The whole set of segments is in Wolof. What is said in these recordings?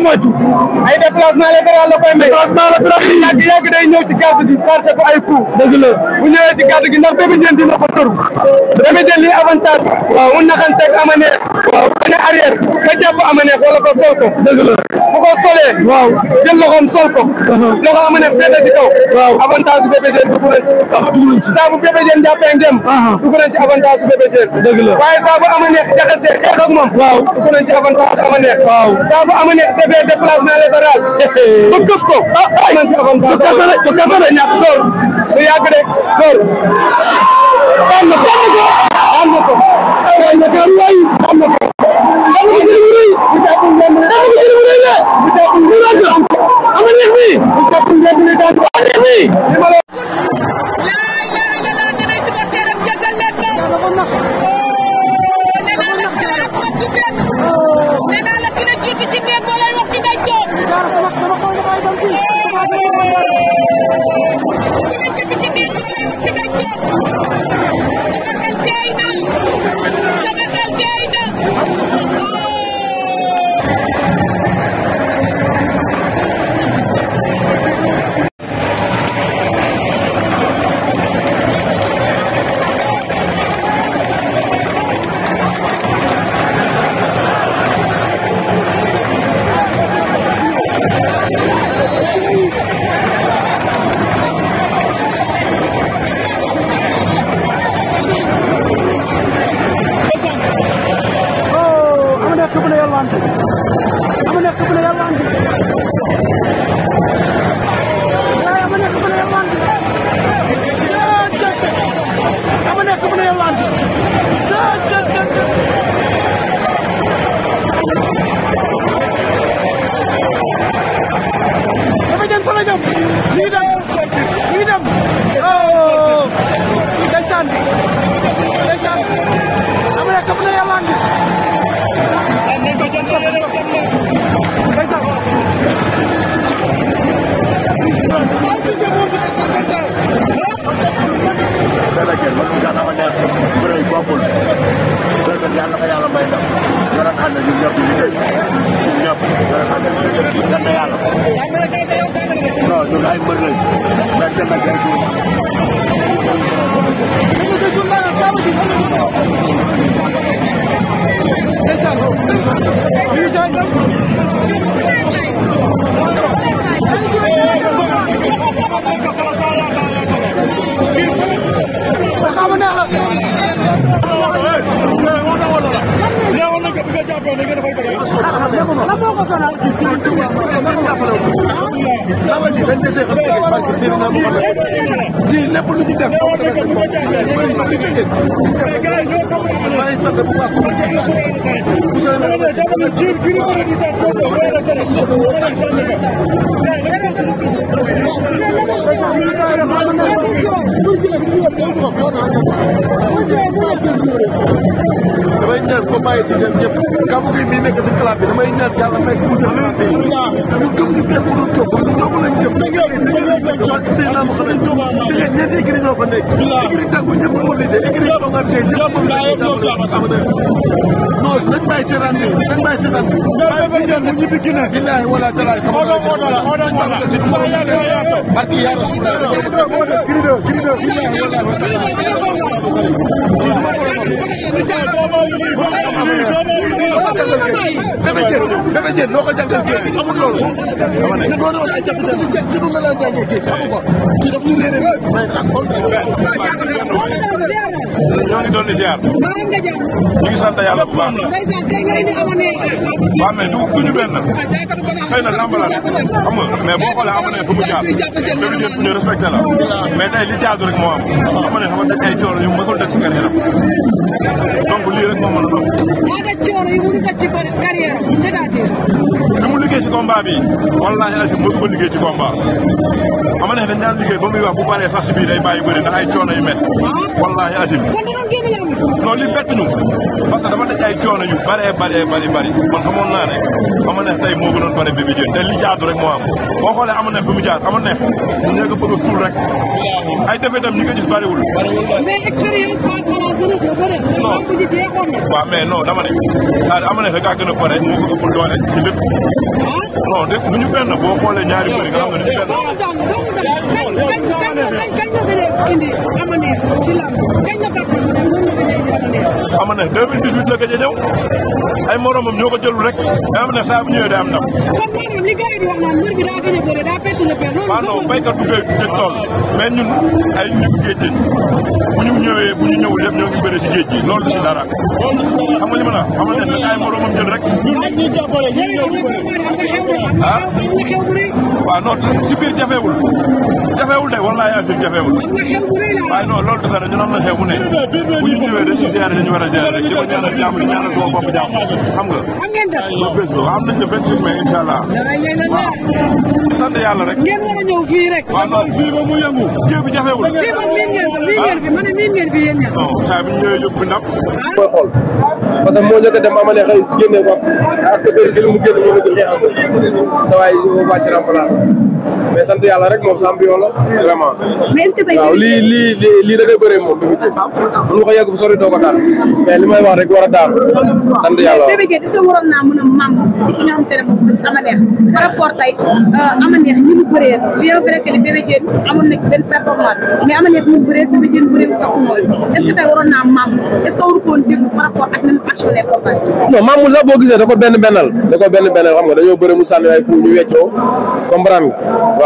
na moytu ay déplacement latéral la koy may déplacement latéral bi yàgg yàgg day ñëw ci garde gi chargé ko ay coup dëgg la bu ñëwee ci garde gi ndax Bébé Diène dina ko tër Bébé Diène lii avantage waaw mun na xanteeg amaneex waaw ba ne arrière ba jàpp amaneex wala ko sol ko dëgg la bu ko solee waaw jël loxoom sol ko uh-huh. loxo amaneex féete ci kaw waaw avantage bu Bébé Diène dugg nañ ci ah, ci saa bu Bébé Diène jàppee ndem uh-huh. dugg nañ ci avantage bu Bébé Diène dëgg la waaye saa bu amaneex jaxasee xeex ak moom waaw dugg nañ ci avantage amaneex waaw saa bu amaneex defee déplacement latéral. ba këf ko. ah ay su kese la su kese la ñàkk door. du yàgg de door. daan na ko daan na ko. daan na ko waay daan na ko. daan na ko jëriñ rëy. daan na ko jëriñ rëy la. daan na ko jëriñ rëy la. am na neex bi. daan na ko jëriñ rëy la. Lewandowski. ay mbër lañ mais Tembe day suul maa ngi leen di dañ dese xam ne parce que Serigne la Mouhamed di lépp lu ñu def boo defee seen bopp di leen bëri di leen maa ngi sant bu baax bu damay ñaan ko bàyyi ci def ñëpp kàmm gi mii nekk si club bi damay ñaan yàlla nekk mu def leneen bi ñu gëm ñu teg ko doon toog ñu ñoom lañ gëm. mais ñooñu dañoo leen doon jox seen am solo. te léegi ñetti écurie ñoo fa nekk. écurie tàggu ñëpp mobilisé écurie ñoo fa nekk ñëpp mobilisé. non nañ bàyyi seetaan bi nañ bàyyi seetaan bi. ñoom ñoo jël ñu ñibbi Guinée. bilaay wala talaay xam nga. moo doon moo doon moo doon. saa yaakaar yaakaar. parce que yaara suñu laay doon. moo doon giri doon giri doon. bilaay wala wala. Bébé Diène noo ko jantal kii amul loolu. ñoo ngi doon di ziar. ñu ngi sant yàlla bu baax. waaw mais du du ñu benn. na lambala la boo xoolee amoon fu mu jaar. ñooñu ñëpp ñu respecté la. mais tey li jaadu rek moo am. amoon nañu xam nga tey ay coono yu mënul dëkk si carrière donc lii rek a doon. coono yi mu ngi daj ci carrière am c'est-à-dire. li mu liggéey ci combat bi wallaahi asim mosu ko liggéey ama neex dañ daan liggéey ba muy bu paree sax si biir day bàyyi bëri ndax ay coono yu met wallaahi asim non li bett ñu parce que dama daj ay coono yu bëree bëree bëri bëri man xamoon naa ne ama neex tey moo gënoon bëri bi bi jën te li jaadu rek moo am boo xoolee ama neex fi mu ama neex mu nekk bëgg a suul rek ay defeetam ñi nga gis bëriwul non waaw mais dama ne cest ama ne da ngaa gën pare moo ko ëpp doole si lépp non de nu ñu benn boo xoolee ñaari bëri nga xam ne duñu benn. xam ne 2018 la gëj a ñëw ay moromam ñoo ko jëlul rek nga xam ne saa bu ñëwee am ndam. kon maanaam li gars di wax a bëre daa loolu ah non mais ñun ay nit géej lañ bu ñu ñëwee bu ñu ñëwul yëpp ñoo ngi bëre si géej gi loolu si dara. xam nga li ne ay moromam jël rek. ñun ak ñi si biir jafewul jafewul de wallaahi ak biir jafewul waaye non loolu dafa ñun am na xew mu ne bu ñu ñëwee gérer dañu war a gérer rek di ko ñaanal jàmm di ñaanal sama xam nga. am ngeen def ba bés ba waaw am nañ le 26 war a ñëw fii rek. waaw loolu fii ba mu yëngu. jéeg bi jafewul. ko miin ngeen fi ma ne miin ngeen fi yéen ñëpp. non a dem amane génne ko mu génn ñu ngi xeex ak sa mais sant yàlla rek moom champion la vraiment. lii lii lii lii da moom Bébé ko yegg fu sori ko daan mais li may wax rek war a daan mais a maam euh, mais Amaneex ko woon sax boo gisee da benn bennal da ko benn bennal xam nga dañoo bëri mu sànni ay ñu weccoo comprendre nga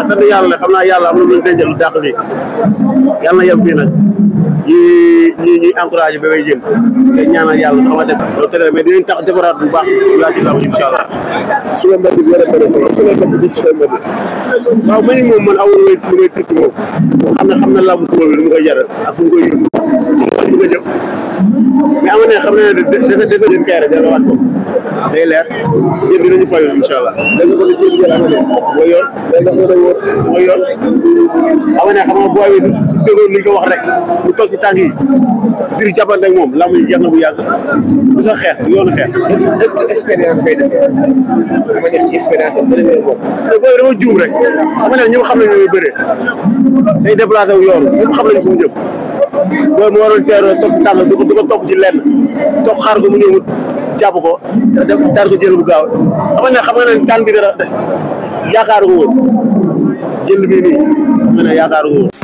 waaw sant yàlla nag xam naa yàlla am na lu ñu denc lu dàq lii yàlla na yem fii nag ñi ñi ñuy ba bay jëm yàlla sax ma def loolu tëgg dinañ tax defaraat bu baax yaa ci lam incha allah su ma mbedd bi yore bëri su ma mbedd bi ci koy mbedd moom man awul may lu xam ne xam na laabu suba bi lu mu koy jaral ak fu mu koy yóbbu mu ko jëm mais ama ne xam na ne dafa dafa jën kay rek delluwaat ko day leer jën dinañu fayu incha allah dañu bëgg jën jël ama ne mooy yoon mooy yoon ne xam nga booy bi su dëggoon liñ ko wax rek lu toog ci tànk yi dir jàppante ak moom lamb yi jeex na bu yàgg bu sax xeet yoonu xeex est-ce que expérience fay defee dama neex ci expérience am bëri boobu booy dama juum rek ama ne ñëpp xam nañ ne bëree day déplacé wu yoonu ñëpp xam nañ fu mu loolu moo waral teeroo topp tànn du ko du topp ci lenn topp xaar ko mu ñëw mu jàpp ko def daan ko jël bu gaaw xam nga ne xam nga ne tànn bi dara yaakaar ko woon jël bi nii nga ne yaakaaru ko woon